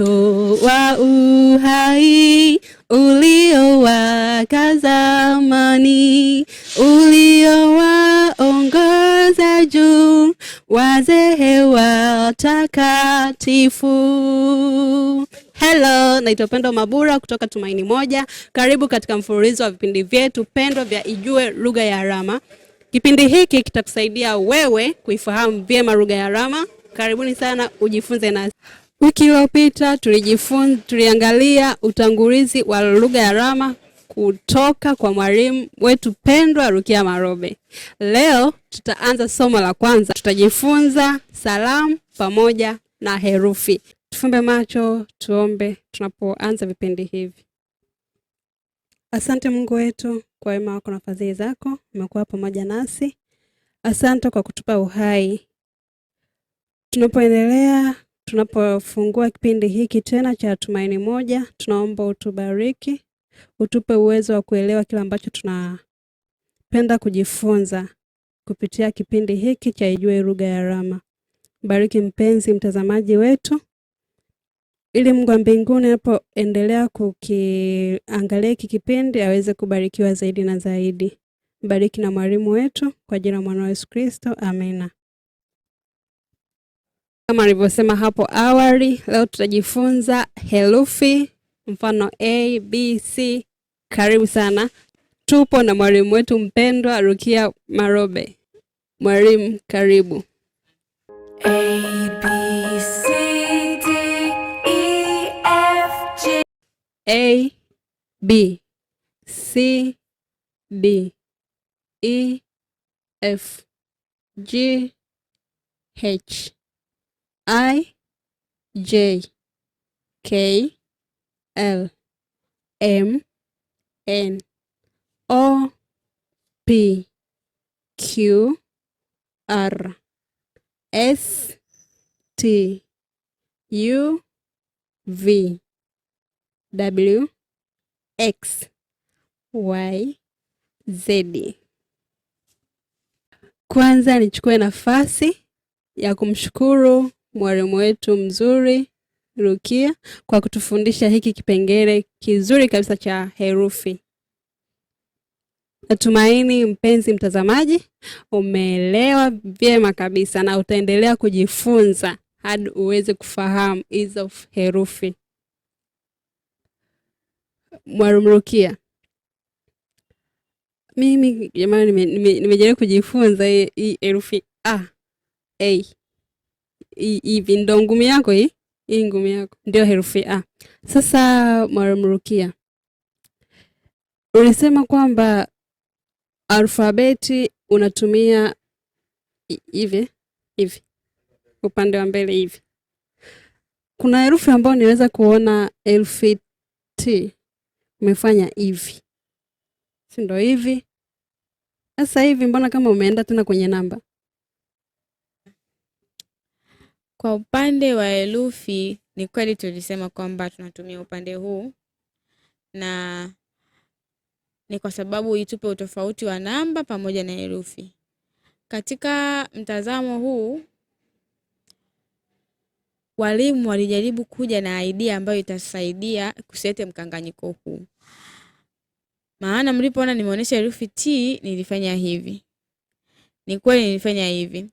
Moto wa uhai uliowaka zamani, uliowaongoza juu wazee watakatifu. Hello, naitwa Pendo Mabura kutoka Tumaini Moja. Karibu katika mfululizo wa vipindi vyetu pendwa vya Ijue Lugha ya Alama. Kipindi hiki kitakusaidia wewe kuifahamu vyema lugha ya alama. Karibuni sana, ujifunze nasi. Wiki iliyopita tulijifunza, tuliangalia utangulizi wa lugha ya alama kutoka kwa mwalimu wetu pendwa Rukia Marobe. Leo tutaanza somo la kwanza, tutajifunza salamu pamoja na herufi. Tufumbe macho tuombe tunapoanza vipindi hivi. Asante Mungu wetu kwa wema wako na fadhili zako, umekuwa pamoja nasi. Asante kwa kutupa uhai tunapoendelea tunapofungua kipindi hiki tena cha Tumaini Moja, tunaomba utubariki, utupe uwezo wa kuelewa kile ambacho tunapenda kujifunza kupitia kipindi hiki cha Ijue Lugha ya Alama. Bariki mpenzi mtazamaji wetu, ili Mungu wa mbinguni anapoendelea kukiangalia hiki kipindi aweze kubarikiwa zaidi na zaidi. Bariki na mwalimu wetu kwa jina la mwana wa Yesu Kristo, amina. Kama alivyosema hapo awali, leo tutajifunza herufi mfano a b c. Karibu sana, tupo na mwalimu wetu mpendwa Rukia Marobe. Mwalimu, karibu. a, b, c, d, e, f, g. a, b, c, d, e, f, g, h I, J, K, L, M, N, O, P, Q, R, S, T, U, V, W, X, Y, Z. Kwanza nichukue nafasi ya kumshukuru mwalimu wetu mzuri Rukia kwa kutufundisha hiki kipengele kizuri kabisa cha herufi. Natumaini mpenzi mtazamaji, umeelewa vyema kabisa na utaendelea kujifunza hadi uweze kufahamu hizo herufi. Mwalimu Rukia, mimi jamani, nimejaribu kujifunza hii herufi a a hivi ndo ngumi yako hii, hii ngumi yako ndio herufi A. Sasa Mwalimu Rukia, ulisema kwamba alfabeti unatumia hivi hivi upande wa mbele hivi. Kuna herufi ambayo niweza kuona herufi T umefanya hivi, si ndo hivi? Sasa hivi mbona kama umeenda tena kwenye namba Kwa upande wa herufi ni kweli tulisema kwamba tunatumia upande huu na ni kwa sababu itupe utofauti wa namba pamoja na herufi. Katika mtazamo huu, walimu walijaribu kuja na idea ambayo itasaidia kusete mkanganyiko huu. Maana mlipoona nimeonyesha herufi T nilifanya hivi, ni kweli nilifanya hivi,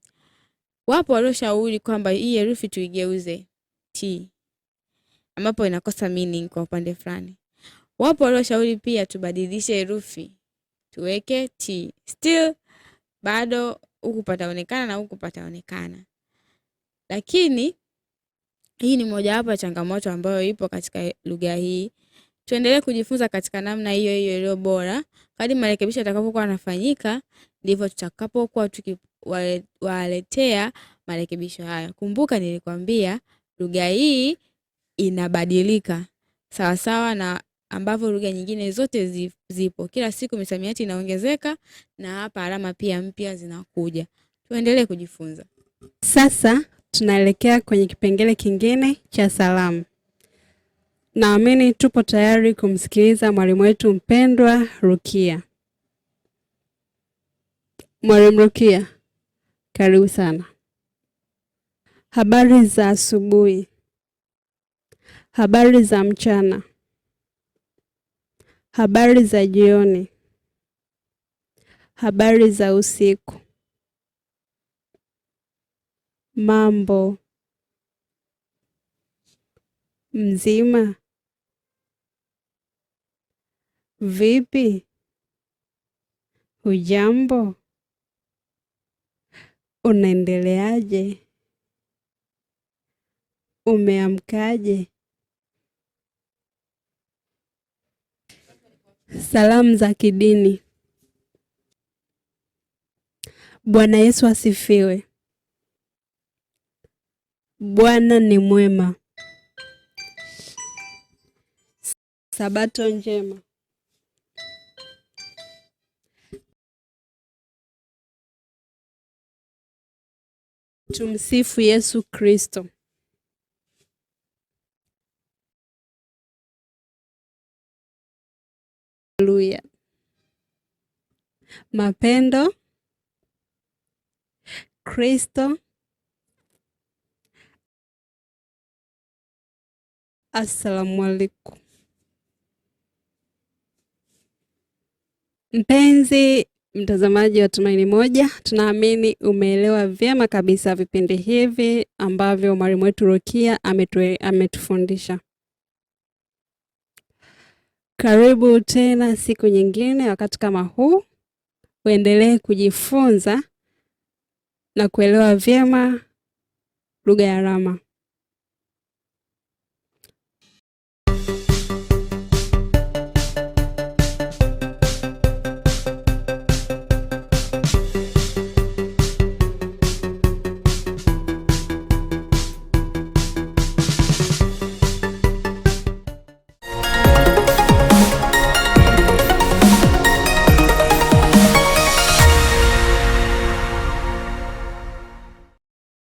Wapo walioshauri kwamba hii herufi tuigeuze t, ambapo inakosa meaning kwa upande fulani. Wapo walioshauri pia tubadilishe herufi tuweke t, still bado huku pataonekana na huku pataonekana, lakini hii ni mojawapo ya changamoto ambayo ipo katika lugha hii. Tuendelee kujifunza katika namna hiyo hiyo iliyo bora, kadri marekebisho yatakapokuwa yanafanyika ndivyo tutakapokuwa tukiwaletea marekebisho hayo. Kumbuka nilikwambia lugha hii inabadilika sawasawa na ambavyo lugha nyingine zote zipo. Kila siku misamiati inaongezeka na hapa alama pia mpya zinakuja. Tuendelee kujifunza. Sasa tunaelekea kwenye kipengele kingine cha salamu. Naamini tupo tayari kumsikiliza mwalimu wetu mpendwa Rukia. Mwalimu Rukia, karibu sana. Habari za asubuhi, habari za mchana, habari za jioni, habari za usiku. Mambo mzima, vipi? Hujambo? Unaendeleaje? Umeamkaje? Salamu za kidini. Bwana Yesu asifiwe. Bwana ni mwema. Sabato njema. Tumsifu Yesu Kristo. Haleluya. Mapendo, Kristo. Assalamu alaikum. Mpenzi Mtazamaji wa Tumaini Moja, tunaamini umeelewa vyema kabisa vipindi hivi ambavyo mwalimu wetu rukia ametue, ametufundisha. Karibu tena siku nyingine, wakati kama huu, uendelee kujifunza na kuelewa vyema lugha ya alama.